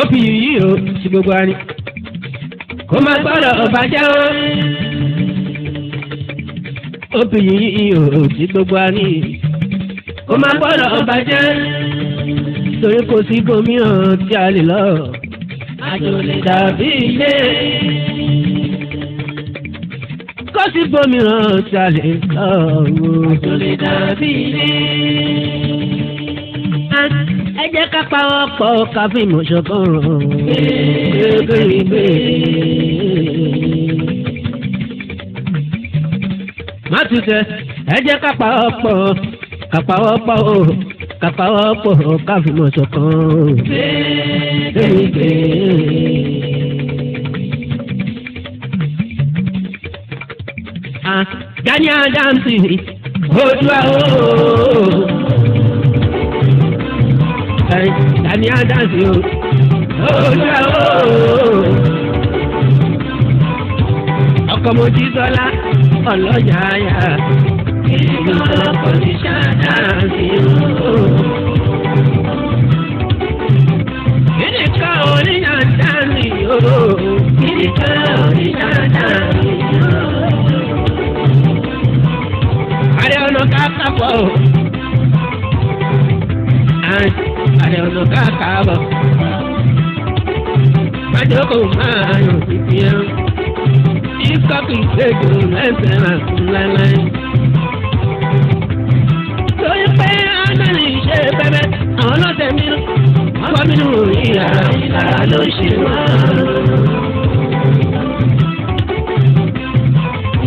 ó fi yìnyín ìró sí gbogbo wa ni kó máa gbọ́dọ̀ ọba jẹ́ ọ́ ó fi yìnyín ìró sí gbogbo wa ni kó máa gbọ́dọ̀ ọba jẹ́ torí kò sí gómìnà tí a lè lọ àjò lè dàbí ilé kó sí gómìnà tí a lè lọ àjò lè dàbí ilé jẹ́ ká pa wọn pọ̀ káfí mọ̀ṣọ́kọ̀rọ̀. má tún tẹ ẹ jẹ́ ká pa wọn pọ̀ kápá wọn pọ̀ o kápá wọn pọ̀ káfí mọ̀ṣọ́kọ̀rọ̀. Ah, Gani Adams, Oduwa ooo ẹ̀ ìdáni àdáǹsì o. Oh, Ọjà ooo. Ọkọ̀ mojí sọ́lá ọlọ́yà yà. Ìlú ọkọ̀ ní ṣáàdáǹsì o. Ìdíkà oníyàndáǹsì o. Ìdíkà oníyàndáǹsì o. Àrẹ ọ̀nà ká kápọ̀ o àrẹ olùkọ́ àkàbọ̀. Májòkó máa yọ títí ẹ. Ìkọ́kì ìgbèjò lẹ́sẹ̀ máa kú lẹ́lẹ́. Lórí pé Ánàlì ṣe bẹ́bẹ́, àwọn ọlọ́tẹ̀ mi, wọ́n bọ́ mi nù ìyàrá ìlara ló ṣe wá.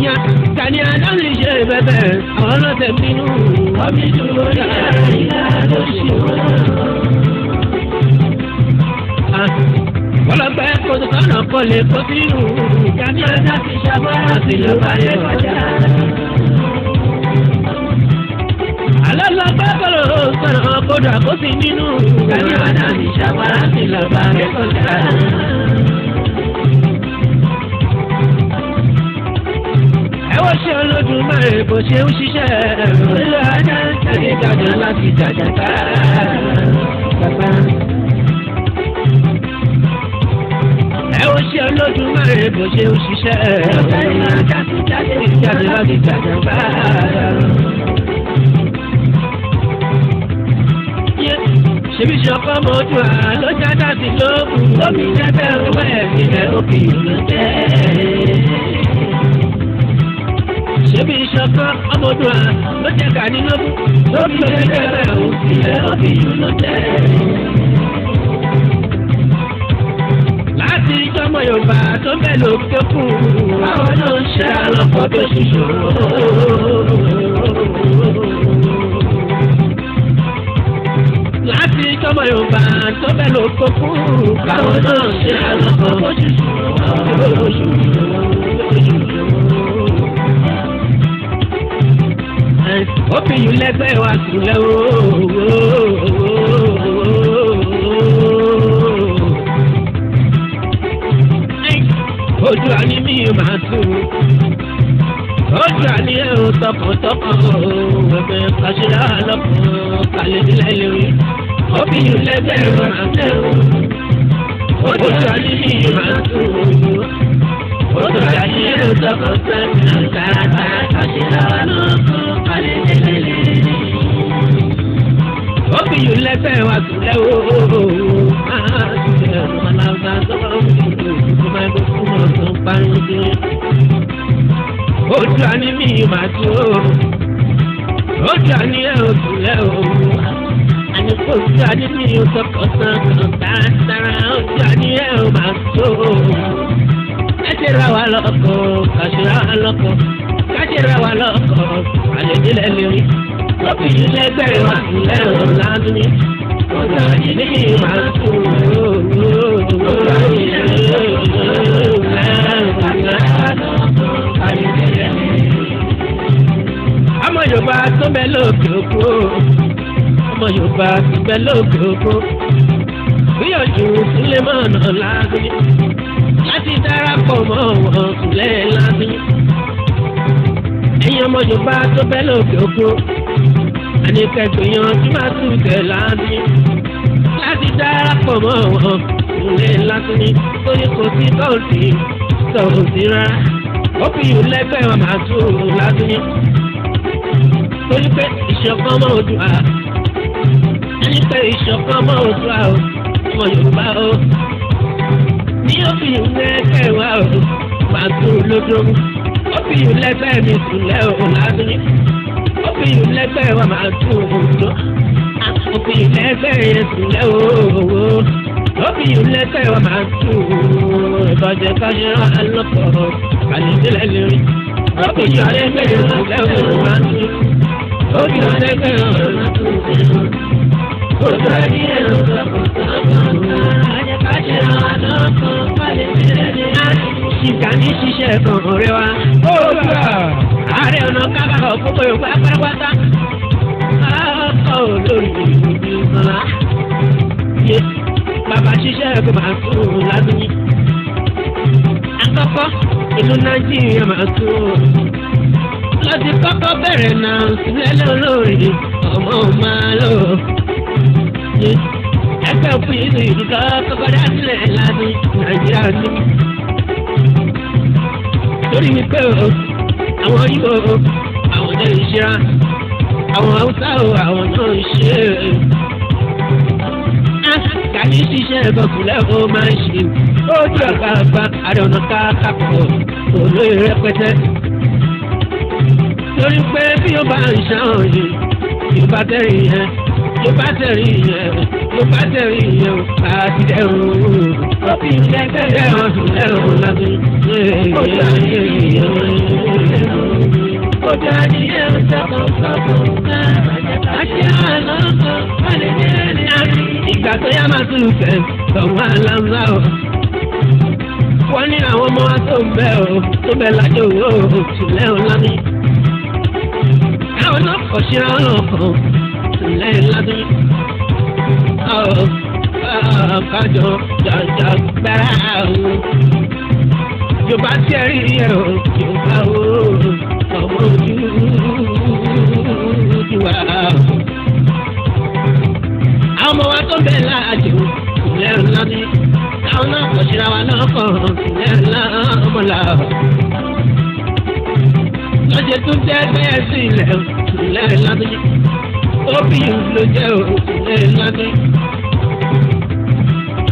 yẹn tani adáhùn ṣe bẹbẹ ọ̀rọ̀ tẹ̀mínú. omi dúró ní àríyá ló ṣe wọ́n. ọlọ́pàá kò sọ̀rọ̀ kò lè kó sínú. tani adáhùn ti ṣàbọ̀rọ̀ sí ló bá yẹ kọjá. alọ́lọ́pàá kò sọ̀rọ̀ kò dà kó sí nínú. tani adáhùn ti ṣàbọ̀rọ̀ sí ló bá yẹ kọjá. bó ṣe olódùmarè bó ṣe ń ṣiṣẹ́ ló ajá ń jáde jàjà láti jàjà ká. ẹ ó ṣe olódùmarè bó ṣe ń ṣiṣẹ́ ló ajá ń jáde láti jàjà ká. ṣebí ṣọkọ mọ ojú àá ló já dàbí lóògùn omi jẹ́ bẹ́ẹ̀ rúbẹ́ẹ̀ mi lẹ́ òkè òlò jẹ́. mọ́tò à ló jẹ́ ká nínú ló fi lọ́jọ́ jẹ́ bẹ́ẹ̀ ò sí ẹ̀ ó fi ló jẹ́. láti ìjọmọ Yorùbá tó bẹ́ẹ̀ ló ké fún àwọn náà ń ṣe àlọ́kọ̀ tó ṣùṣòro. láti ìjọmọ Yorùbá tó bẹ́ẹ̀ ló ké fún àwọn náà ń ṣe àlọ́kọ̀ tó ṣùṣòro. ó fi yún lẹ́sẹ̀ wá o ooo. ojú àní mi máa sùn ojú àní ẹ̀rọ tọkàntọkàn o ẹ̀fẹ̀ kàṣírà lọ́kàn kàlẹ́ nílẹ̀ lórí ó fi yún lẹ́sẹ̀ wá o ooo. ojú àní mi máa sùn. Olùkọ́ ìṣirò sọ́kò sẹ́mi kàràtà àṣìlá lóko pálílélẹ̀. Ó fi yùn lẹ́sẹ̀ wá sílẹ̀ o. Máa ṣe ọ̀nà làbà sọ́kò òkùnkùn ọmọ ẹgbẹ́ fún ọ̀sán pàǹdé. Ojú àní mi mà tí o. Ojú àní ẹ̀ ò sílẹ̀ o. Àníkó ojú àní mi ò sọ̀kọ̀ sàn kàràtà ojú àní ẹ̀ ò mà tó kásìrà wà lọ́kọ̀ kásìrà wà lọ́kọ̀ kásìrà wà lọ́kọ̀ àlejìlẹ̀ lérí lọ́kùnrin lẹ́gbẹ̀rẹ̀ wà lẹ́rùn lánàá ọ̀gá ìní máa kú ọ̀gá ìní lẹ́rùn lánàá àlejìlẹ̀ lérí. ọmọ yorùbá tó bẹ lóògùn òkú ọmọ yorùbá tó bẹ lóògùn òkú gbìyànjú sílẹ̀ mọ́ọ̀nà lánàá ti darapọ̀ mọ́ wọn kúlẹ̀ lánàá. ẹ̀yin ọmọ yorùbá tó bẹ́ lókè òkun àníkẹ́gbìyàn tí máa tún tẹ̀ lánàá. láti darapọ̀ mọ́ wọn kúlẹ̀ lánàá torí kò sí tọ́ọ̀sì tọ́ọ̀sì rárá. ó fi ìlú lẹ́gbẹ̀ẹ́ wọn máa tún lánàá. torí pé ìṣọ̀kan mọ́ ojú à. ẹni pé ìṣọ̀kan mọ́ ojú à o ọmọ yorùbá o bí ó fi ìwé kẹwàá o máa tún lójó ó fi ìlẹ́gbẹ́ mi sílẹ̀ o máa tún ó fi ìlẹ́gbẹ́ wa máa tún òjò ó fi ìlẹ́gbẹ́ yẹn sílẹ̀ o ó fi ìlẹ́gbẹ́ wa máa tún ìbàjẹ́ káyọ̀ alọ́pọ̀ àlejòlẹ̀ lérí ó fi ìlẹ́gbẹ́ yẹn sílẹ̀ o máa tún ó fi ìlẹ́gbẹ́ yẹn sílẹ̀ o máa tún. ìkà ní ṣiṣẹ́ kan òré wa. ó gbà. ààrẹ ọ̀nà kábàkọ̀ gbogbo yorùbá pátápátá. ọkọ̀ olórí ìlú sọlá. yé bàbá ṣiṣẹ́ kò máa tún un lábẹ́yìn. àkọ́kọ́ ìlú nàìjíríà máa tún un. lọ́sí kọ́kọ́ bẹ̀rẹ̀ náà sílẹ̀ lórí ọmọ máa lò. ẹgbẹ́ òfin ìlú ìdúgbò kọ́kọ́ dá sílẹ̀ lánàá nàìjíríà tún torí wípé o àwọn yíò àwọn náà ń ṣe àwọn haúsá o àwọn náà ń ṣe kàní ṣiṣẹ́ ìbọ̀kúnlẹ̀ ó máa ń ṣe ó jù ọ̀gá ọba àdánù káàkàpọ̀ olóyè rẹpẹtẹ. torí pé bí ó bá ń ṣàwọn yìí ìbátẹ́rì yẹn mo bá tẹ̀rí yẹn mo bá tẹ̀rí yẹn àti dẹ̀rù òbí lẹ́gbẹ̀rẹ̀ ọ̀sùn lẹ́rù lábẹ́ yẹ̀yẹ̀ yẹ̀yẹ̀ kódà ní ẹ̀rù sẹ́kọ̀ọ́ sọ́kọ̀ àti àlọ́ kan wọ́n lè ní ẹ̀rí àrí. ìgbà tó yá máa tún fẹ́ lọ́wọ́ aláǹlá o wọ́n ní àwọn ọmọ tó ń bẹ o tó bẹ lájọ òwò òtún lẹ́hìn lámì. káwọn náà kọ̀ síra wọn náà ẹ̀ lọ́dún. kájọ jọjọ gbára o yorùbá tí ẹ rí ẹ o yorùbá o ọmọ ojú ti wà o. àwọn ọmọ wa tó ń bẹ láàjò ìlẹ́rù lọ́ní táwọn náà kọ̀ síra wa náà kọ̀ ìlẹ́rù lọ́mọlá o lọ́jọ́ tó ń tẹ́ ẹgbẹ́ ẹ̀sìn ilẹ̀ ìlẹ́rù lọ́ní opium ló jẹ́ o ẹ̀ẹ́dẹ́gbẹ́.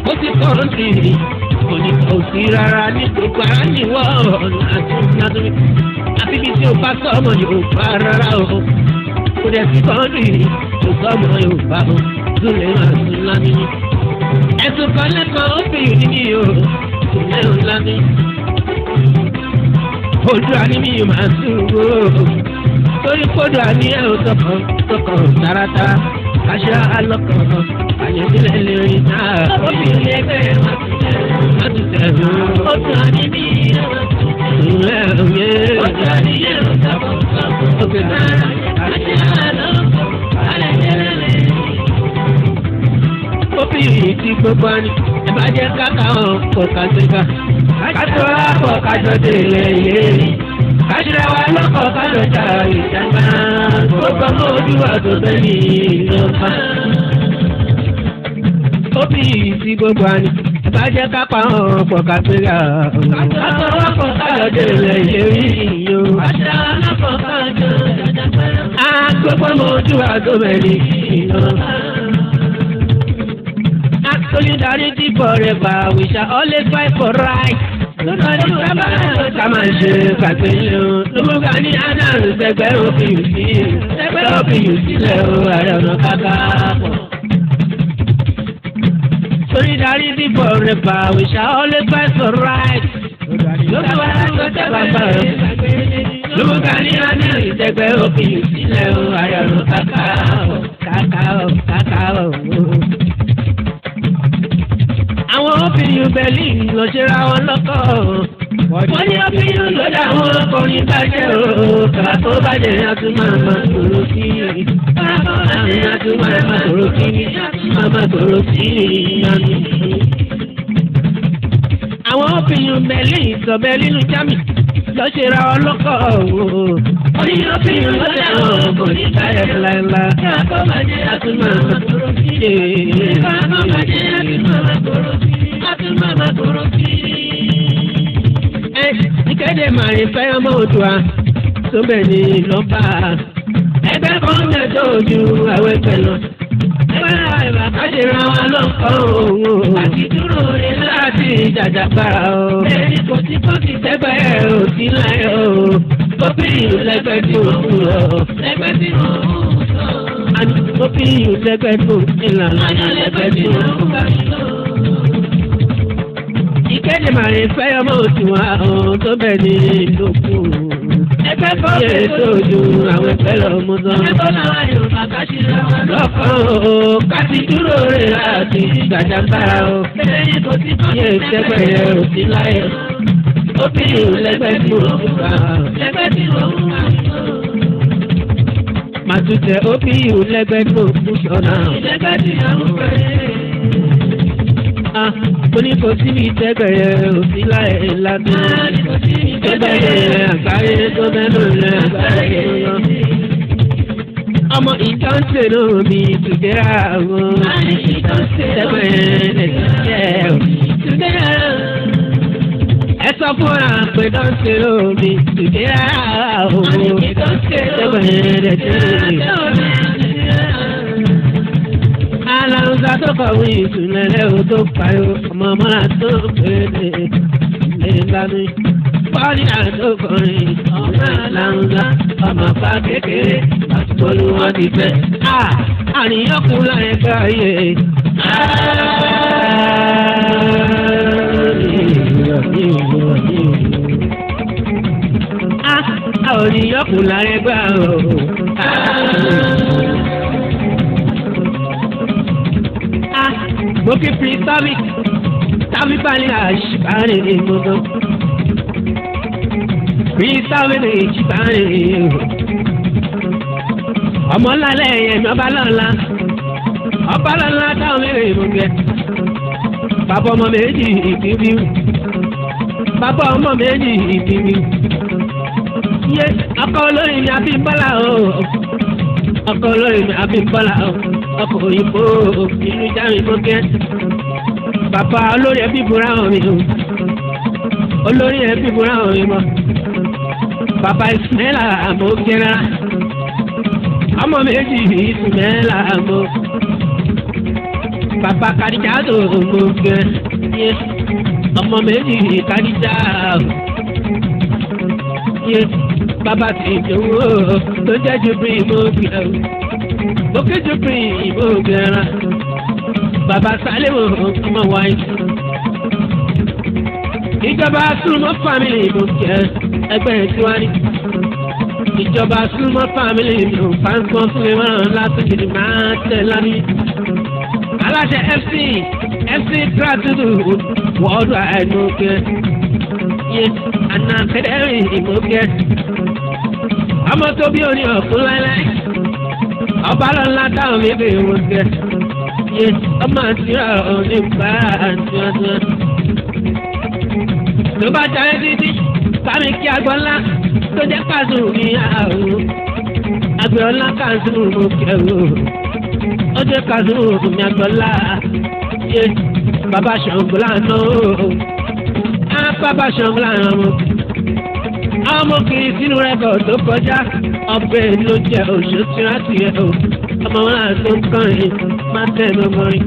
ó ti kọ́ńtì kò ní kò sí rárá ní gbogbo ara níwọ̀ nàdúrí. àfi bí tí o bá sọ ọmọ Yorùbá rárá o kò dẹ̀ sí kọ́ńtì kò sọ ọmọ Yorùbá o zúlẹ̀ máa sùn lámì. ẹ̀sùn kan lẹ́kọ̀ọ́ opium nínú yìí o zúlẹ̀ ń lámì. ojú ànímí máa sùn wó torí kódò àníyàn ò tọkàn tọkàn tààràtàrà kàṣà alọkàn àyẹ̀dílẹ̀ lérí náà. obìnrin ẹgbẹ́ wọn ti tẹ̀ ọ́ oṣù àníyàn ìwé òye oṣù àníyàn ò tọkàn tọkàn tààràtàrà kàṣà alọkàn àyẹ̀dílẹ̀ lérí. obìnrin ti gbogbo ni ẹ bá jẹ́ káka ọ̀ kọ̀ọ̀kan síkà. kátó àpọ̀ kájọ́ dé ilé ìlérí. Kàṣírẹ́wà lọ́kọ̀ kálọ̀jà ìjàmbá. Ó sọ mọ́ ojú wa tó bẹ́yìn lọ́pàá. Ó bí ìsí gbogbo àná. Bá jẹ́ ká pa àwọn ọkọ̀ kàfíńgà. Àtọwọ́ kan kálọ̀jẹ̀ rẹ̀ ṣe rí iyo. Àṣà lọ́kọ̀ kálọ̀jẹ̀ rẹ̀ jàmbá. Á gbogbo mọ́ ojú wa tó bẹ́yìn lọ́pàá so you dey ready forever we shall always fight for right nítorí bàbá ká máa ṣe Solidarity for we shall always fight for right. Lókè wá lókè bàbá rẹ̀. Lóbókà ní adáàrú o. lọ ṣera wọn lọ́kọ̀ o. wọ́n ní ọ́fíìsì lọ́dà àwọn ọkùnrin bàjẹ́ o. kàkà tó bàjẹ́ ni a tún máa máa sọ̀rọ̀ sí i. bàbá àmì a tún máa máa sọ̀rọ̀ sí i. máa máa sọ̀rọ̀ sí i. àwọn ọ́fíìsì bẹ̀lí ìsọ̀bẹ̀ nínú jámì lọ ṣera wọn lọ́kọ̀ o. wọ́n ní ọ́fíìsì lọ́dà àwọn ọkùnrin bàjẹ́ ńláńlá. kàkà tó bàjẹ́ a tún máa máa sọ̀rọ̀ sí i. bàbá àmì a tún máa máa sọ̀rọ̀ sí i mama korofi. ẹ ìkéde màrí fẹ́yàmọ́ òdùà tó bẹ̀ ní lọ́ba. ẹgbẹ́ kan ń tẹ̀sọ́ ojú àwọn ẹgbẹ́ lọ. ẹgbẹ́ àìbá káṣí ra wa lọ́kọ̀ òun. àti dúró rẹ̀ láti jàjàgbá o. ẹni kò sí kókì tẹ́gbẹ́ ò sí láyọ̀ o. kóbìnrin lẹ́gbẹ́ tí ó kú lọ. lẹ́gbẹ́ tí ó kú lọ. àti kóbìnrin lẹ́gbẹ́ tó ń ṣe lànà. àyàn lẹ́gbẹ́ tí ìkéde màrí fẹ́ ọmọ òtù wa tó bẹ̀ ní ìlú kù. ẹgbẹ́ kọ́ bí èso ojú àwọn ẹgbẹ́ lọ mú tán. ẹgbẹ́ kọ́ làwọn yorùbá ká sí lọ́wọ́. lọ́kàn o ká dúró rẹ̀ láti gbàjàgbára o. bẹ́ẹ̀ kò sí kọ́ sí lẹ́gbẹ̀ẹ́ yẹn ò sí láyé. obìnrin lẹ́gbẹ̀ẹ́ tí mo ń bá. lẹ́gbẹ̀ẹ́ tí mo ń bá màtúntẹ̀ òbí ìhù lẹ́gbẹ̀ẹ́ tó kú sọ̀nà. lẹ́gbẹ̀ẹ́ tí mo oníkó tí mi tẹ́gbẹ̀rẹ̀ òsì láì lábẹ́ tẹ́gbẹ̀rẹ̀ àgbáyé tó mẹ́nu rẹ̀ àgbáyé lọ. ọmọ ìtọ́sẹ̀ náà mi tùdẹ́ àwọn tẹ́gbẹ̀rẹ̀ nàìjíríà tùdẹ́ ẹ sọ fún wa pé dọ́sẹ̀ náà mi tùdẹ́ àwọn tẹ́gbẹ̀rẹ̀ nàìjíríà ọ̀gá tó kọ̀wé ìtúnlẹ̀lẹ̀ ò tó payó ọmọ máa tó kéde nígbà mi. bọ́ọ̀lì àtọkùnrin ọ̀gá làǹgá ọmọ bá kékeré àtúbọ̀ ni wọ́n ti fẹ́. àníyàn kú láyé káyé. àníyàn kú láyé gbà Moki free Tami, Tami Bani Ash, Bani Mogo. Free Tami Ash, Bani Ọmọlálẹ́ ẹ̀yẹ̀mí ọbalọ́la ọbalọ́la táwọn mẹ́rin ìmúgbẹ́ bàbá ọmọ méjì ìbíbí bàbá ọmọ méjì ìbíbí yé ọkọ olórin mi àbí bọ́lá o ọkọ olórin mi àbí bọ́lá o ọkọ̀ òyìnbó ìlú jáwé gbókẹ́ bàbá olórí ẹbí búra hàn mí o olórí ẹbí búra hàn mí mọ́ bàbá ìsúnmẹ́là àmọ́ kẹ́rẹ́ ọmọ méjì ìsúnmẹ́là àmọ́ bàbá kàdíjà tó mọ kẹ́rẹ́ ọmọ méjì kàdíjà bàbá tìjọ wo tó jẹ́ ju bí mo kẹ́rẹ́ òkèjì pin ìbò gẹ̀ẹ́rán bàbá sálẹ̀wò ọmọ wáyé. ìjọba súnmọ́ family, ìbò kẹ́ ẹgbẹ́ tiwárí. ìjọba súnmọ́ family, ìbò fáńkọ́ fún ìwọ̀n látìkìdì máa tẹ̀ lánì. aláṣẹ fc fc tratudu wọ́ọ̀dù àìmọ̀kẹ́ yẹ àná kẹ́dẹ́rì ìmọ̀kẹ́. ọmọ tó bí orin ọ̀kú láéláé ọbalọ ńlá táwọn mi bè wò jẹ ọmọ àtúnyà òní bá àtúnyà tán. ló bá jẹ títí sáré kí agbọ́nlá tó jẹ́ pàṣẹ òní àrùn agbẹ̀ọ́lá kàṣẹ òun kẹwò ó jẹ́ kàṣẹ òun mi agbọ́nlá yé bàbá ṣàǹgbọ́lá náà á bàbá ṣàǹgbọ́lá náà amókiri sínú rẹ̀kọ̀ tó kọjá ọbẹ̀ ló jẹ òṣù tí wọ́n ti yẹ o ọmọ wọn tó ń kọrin má tẹnu mọ́rin.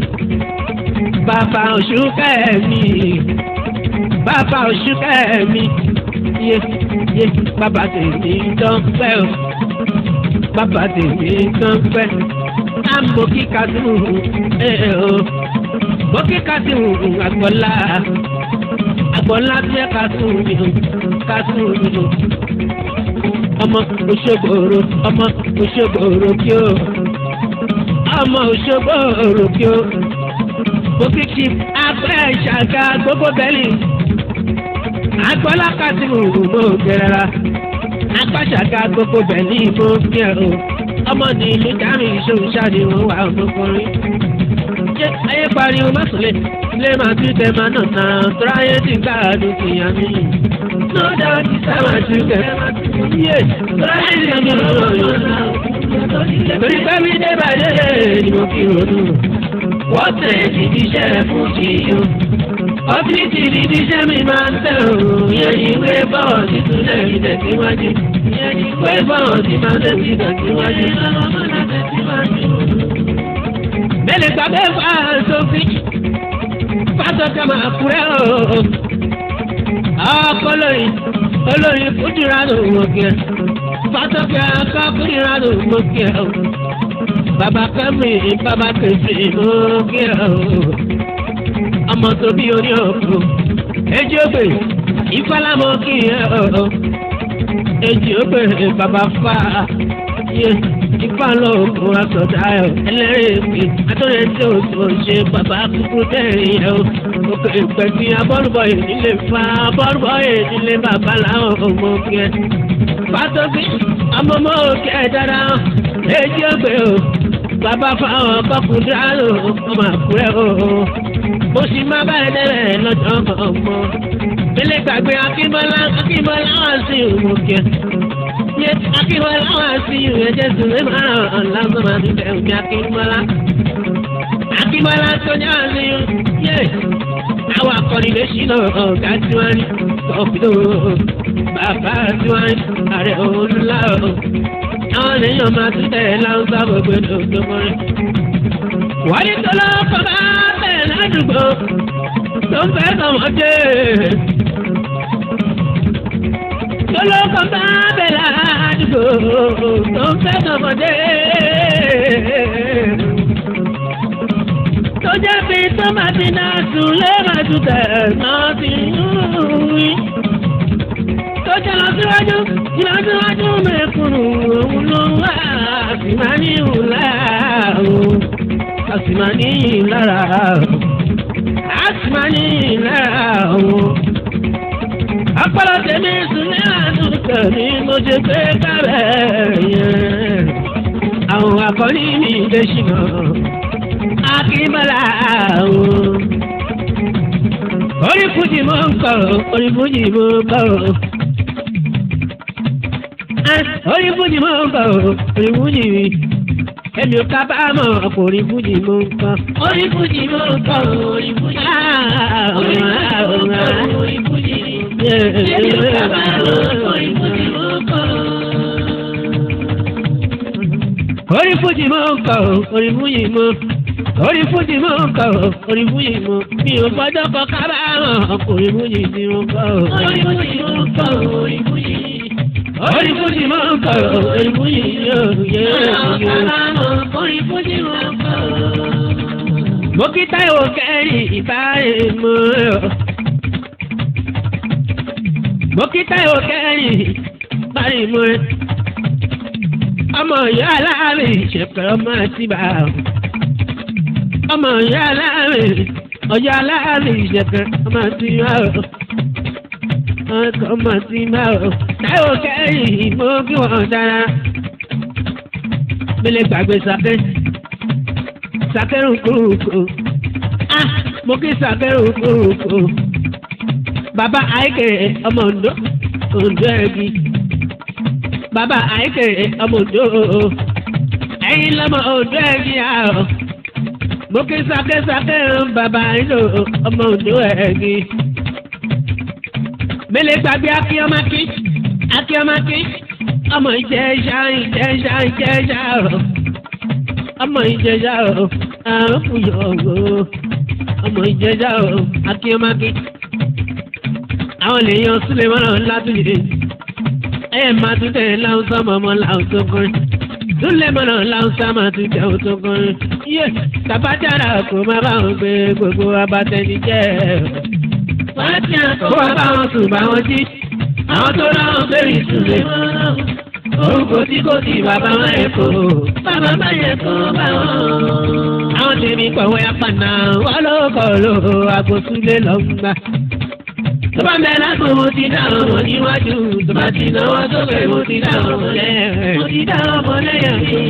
bàbá òṣù kẹ́ẹ̀mí bàbá òṣù kẹ́ẹ̀mí yé yé bàbá tèmi tán pẹ́ o bàbá tèmi tán pẹ́ ambo kíkà sí ẹ̀ o bó kíkà àgbọ̀lá àgbọ̀nlá fẹ́ ká sùn mí o ká sùn mí o. ọmọ òṣèbòrò ọmọ òṣèbòrò kí o ọmọ òṣèbòrò kí o. bókìtì afẹ́ ìṣàgà gbogbo bẹ́lí agbọ́lá kásìmù mo gẹ̀rẹ́ra agbáṣàgà gbogbo bẹ́lí mo gẹ̀rọ ọmọ ní ìlú dárí ìṣòwò ṣáà ni wọ́n wà ọmọkùnrin pariwo má sùn lé ilé máa tún tẹ máa nà nà tíráyé ti gbà dúkìá mi. no doubt ìta máa tún tẹ yé tíráyé ti gbà dúkìá mi. torí pé mi dé bàjẹ́ ni mo fi ronú. wọ́n tẹ̀ ti di iṣẹ́ fún ti yó. ọ́fíìsì ni iṣẹ́ mi máa ń tẹ̀ òun yẹn ìwé bọ́ọ̀sì tún lẹ́yìn tẹ̀síwájú. ìwé bọ́ọ̀sì máa tẹ̀síwájú gbàgbé fa sófin fásọkà máa kúrẹ́ o. ọkọ lórí olórí kúndìrà ló wọ kí ẹ fásọkà kọ kúndìrà ló wọ kí ẹ o. bàbá kẹ́mi bàbá kẹ́mi ló wọ kí ẹ o. ọmọ tó bí orí òkú ẹjẹ ògbè ìfọlámọ kí ẹ o. ẹjẹ ògbè bàbá fa yẹ ìfà lóògùn àsọdá ẹ ẹlẹ́rìí àtọ́rẹ́ tí o tó ṣe bàbá kúkú tẹ̀rẹ̀ yẹ o òkè ìpẹ̀bí abọ́rùbọ̀ èyí lè fa abọ́rùbọ̀ èyí lè bàbá làwọn ọmọ òkè fàtọ́sí ọmọọmọ òkè dára èjì ọgbẹ́ o bàbá fáwọn ọkọ̀kùnrin àlò ọmọ àkúrẹ́ o mo sì máa bá ẹ dẹ́rẹ̀ lọ́jọ́ ọmọ ọmọ. Ilé gbàgbé Akínbọ́lá Akínbọ́lá ọ̀sìn òmùkẹ́ yé akínwó láwọn àti ìwé jésù mẹ́fà ọ̀làgbọ́n máa ti bẹ̀rù ní akínbọ́lá. akínbọ́lá tó ní àná yé àwọn akọni lè ṣí lọ ọ̀gá tí wọ́n ní ọ̀gbìn bàbá tí wọ́n ní ààrẹ olúlá àwọn èèyàn máa ti tẹ̀ láwùjọ gbogbo ìdókòwò. wọ́n ní tọ́lọ́ kọ́ bá bẹ̀rẹ̀ ládùúgbò tó ń fẹ́ sọ̀mọ́dé olóko bá bẹ̀rẹ̀ àdúgbò tó ń fẹ́ tọmọdé. tó jẹ́ fi tó máa ti náà sùn lé máa sùn tẹ̀ náà ti wí. tó jẹ́ lọ síwájú ìlọ síwájú mẹ́kùnù òun ló ń wá àsìmánì ìhùlá o àsìmánì ìlara o àsìmánì ìlara o agbára tèmi sùn ní àdúgbò mi mo ṣe pé kárẹ̀ yẹn. àwọn akọni mi lè ṣìnà akínbọ́lá àwọn. orí fújì mo ń kọ̀ orí fújì mo ń kọ̀ orí fújì mo ń kọ̀ orí fújì mi èmi ò kábàámọ̀ ọ̀pọ̀ orí fújì mo ń kọ́. orí fújì mo ń kọ́ eh, orí fújì. mo ń kọ́ Ṣé o bàbá orúkọ ìfòjì o? Orí fújì mọ́ ń orí fújì mọ́. Orí fújì mọ́ ń kà ó, orí Mi ò gbọ́dọ̀ kọ kábàámọ̀, orí fújì ni mo kọ́ o. Orí fújì mọ́ ń kà ó, orí fújì. Orí fújì mọ́ ń kà ó, orí fújì yóò yé yé. Orí fújì mọ́ ń kà ó. Mo kí kẹ́rì ìbáre mọ́ ọ bókítà yóò kẹ́yìn parí mu ẹ. ọmọ ìyá aláàrin ṣèpẹ́ ọmọ àtibá ọmọ ìyá aláàrin ọjà aláàrin ṣèpẹ́ ọmọ àtibá ọkọ̀ ọmọ àtibá táyọ̀ kẹ́yìn mú kí wọ́n dára. mi gbàgbé sàkẹ́ sàkẹ́ rúkúrúkú ah mo kí sàkẹ́ rúkúrúkú. Baba, àìkèrè ọmọ eh, Ondo eh, eh, Ondo ẹbí bàbá àìkèrè ọmọ Ondo ẹ̀yin lọ́mọ Ondo ẹbí àrò mo kí sákésáké ń bàbá inú ọmọ Ondo ẹbí mele gbàgbé akíọmákí akíọmákí ọmọ ìjẹsà ìjẹsà ìjẹsà àrò ọmọ ìjẹsà àrò àrò fúyọ̀ ọ̀rọ̀ ọmọ ìjẹsà àrò akíọmákí àwọn lè yan Sulemana Latúndé ẹ máa tún tẹ láwùsá mọmọ láwùsá kọrin Sulemana láwùsá máa tún tẹ òtún kọrin yé tàbájára kò má bá wọn gbé gbogbo abatẹni jẹ fàtíà kò wá bá wọn sùn bá wọn jí àwọn tó láwọn bẹ̀rẹ̀ Sulemana orúkọ tí kò sí bàbá má yẹ kó bàbá má yẹ kó bá wọn. àwọn tèmi kọ̀wé apànà wọn ló kọ̀ ló àgbo Sule lọ́gbà tó bá bẹ lápò mo ti dá ọmọ níwájú tó bá ti náwó sókè mo ti dá ọmọ lẹ́yìn mo ti dá ọmọ lẹ́yìn mi.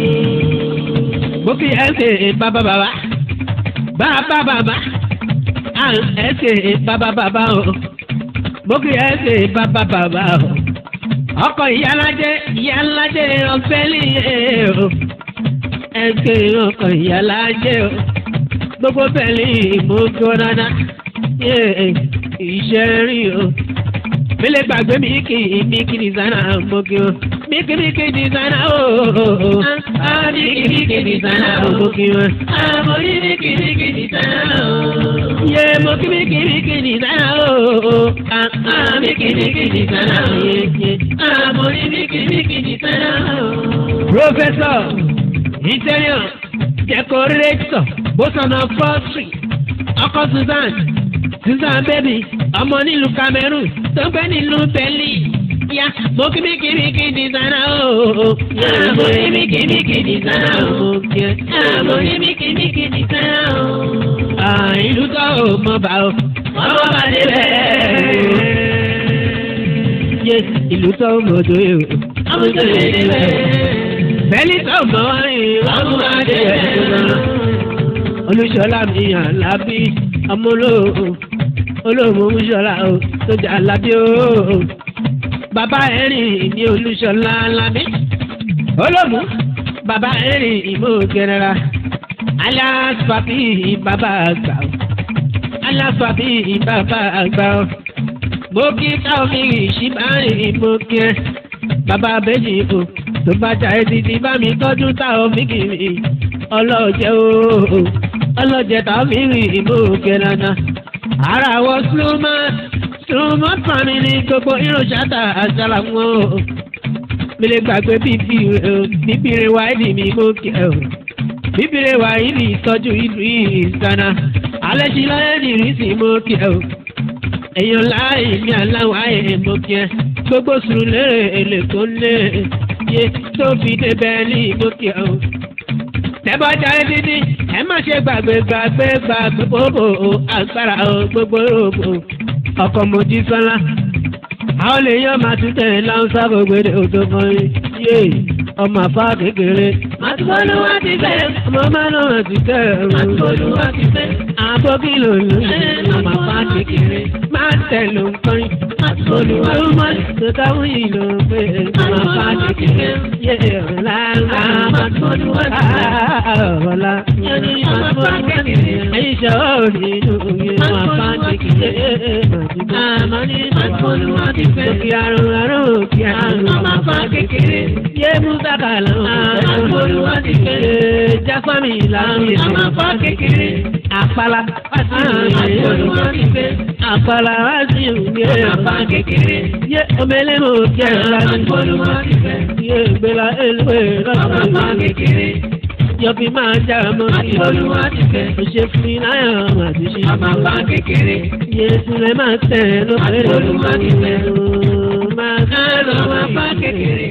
bókì ẹsẹ̀ bàbá bàbá bàbá bàbá à ń ẹsẹ̀ bàbá bàbá o bókì ẹsẹ̀ bàbá bàbá o ọkọ̀ ìyálàjẹ́ ìyálàjẹ́ ọ̀fẹ́ nìyẹn o ẹsẹ̀ ọkọ̀ ìyálàjẹ́ o gbogbo bẹ́ẹ̀ ni mo gbọ́ kì í ṣe rí o mílẹ̀ gbàgbé mílíkì mílíkì dìzánà mọ́kì o mílíkì mílíkì dìzánà o mílíkì mílíkì dìzánà o mọ́kì o àmọ́rí mílíkì mílíkì dìzánà o yé mọ́kì mílíkì mílíkì dìzánà o mílíkì mílíkì dìzánà o yé yé àmọ́rí mílíkì mílíkì dìzánà o. Prọfẹsọ Interior Decorator Bosana Factory Ọkọ Suzanne susan bẹ́bí ọmọ nílùú Cameroon tó ń pẹ́ nílùú pẹ́lí ya mo kí mi kí mi kí di sanna o. mo kí mi kí mi kí di sanna o. mo kí mi kí mi kí di sanna o. ìlú tó o mọ bá o. ọmọ bá débẹ̀. ìlú tó o mọ tó yẹ o. ọmọ tó yẹ débẹ̀. bẹ́ẹ̀ni tó o mọ wá rìn. ọmọ bá débẹ̀. olùṣọ́lá mi yàn lábí ọmọ olóòmù olúṣọlá o sójà alábí o bàbá ẹ̀rìn ní olúṣọlá alábí olóòmù bàbá ẹ̀rìn ìmọ̀ gẹ̀rẹ́ra alias papi bàbá àgbà o alias papi bàbá àgbà o mo kí káfíìn ìṣíbárìn mo kí ẹ bàbá abéjì o tó bá ta ẹ ti ti bá mi tọ́jú táwọn fíkìrì ọlọ́jẹ́ o ọlọ́jẹ́ táwọn fíkìrì mo kẹ́ra náà. ara wọ súnmọ́ súnmọ́ fami ní gbogbo o mi gbàgbé bíbí rẹ o bíbí rẹ wá mi mú kẹ o bíbí rẹ wá ìdí ìlú láyé kẹ o èèyàn láàyè mi ayé kẹ gbogbo sùn lérè tẹ́bọ̀ jẹ́ dídí ẹ má ṣe gbàgbé gbàgbé gbàgbé bòbò agbára gbogbo òbò ọkọ̀ mojí sọ́lá àwọn lè yàn máa tún tẹ̀lé láwùsá gbogbo òdo kan yé ọmọ afá kékeré. màtúbọ̀lù wá ti fẹ́. ọmọ mẹ́rin wá ti fẹ́. màtúbọ̀lù wá ti fẹ́. àbọ̀ kí ló lù ú ọmọ afá kékeré. má tẹ̀lé nǹkan. màtúbọ̀lù wá ti fẹ́. tòkà wúyì ló ń pè é. ọmọ afá kékeré. yé ọ̀la ńlá. màtúbọ̀lù wá ti fẹ́ bọ́lá. Àyíṣà òòrì inú òye wọn àpáǹdì kìlẹ̀. Àmọ́ ní Mọ́tíkọ́lù wọn ti fẹ́. Òkè àrùn àrùn òkè àrùn. Àwọn máa fa kékeré. Yé Musa Kàlà. Mọ́tíkọ́lù wọn ti fẹ́. Jáfámì làwọn yẹn. Àwọn máa fa kékeré. Àpàlà. Mọ́tíkọ́lù wọn ti fẹ́. Àpàlà wá sí ìwé. Àwọn máa fa kékeré. Yé Omelemu kí ẹ̀ lọ́dún. Mọ́tíkọ́lù wọn ti fẹ́. Yé Gbéra Elúwe lọ́dún. Àwọn fa kékeré yọbi máa já mọ́ sí olúwa ti fẹ́. o ṣe fún mi láyà ọmọ àti ṣe. àmà bá kékeré. iye sílẹ̀ máa tẹ̀ lọ́pẹ́ lọ́wọ́. àti olúwa ti fẹ́. máa tẹ̀ lọ́wọ́ bá kékeré.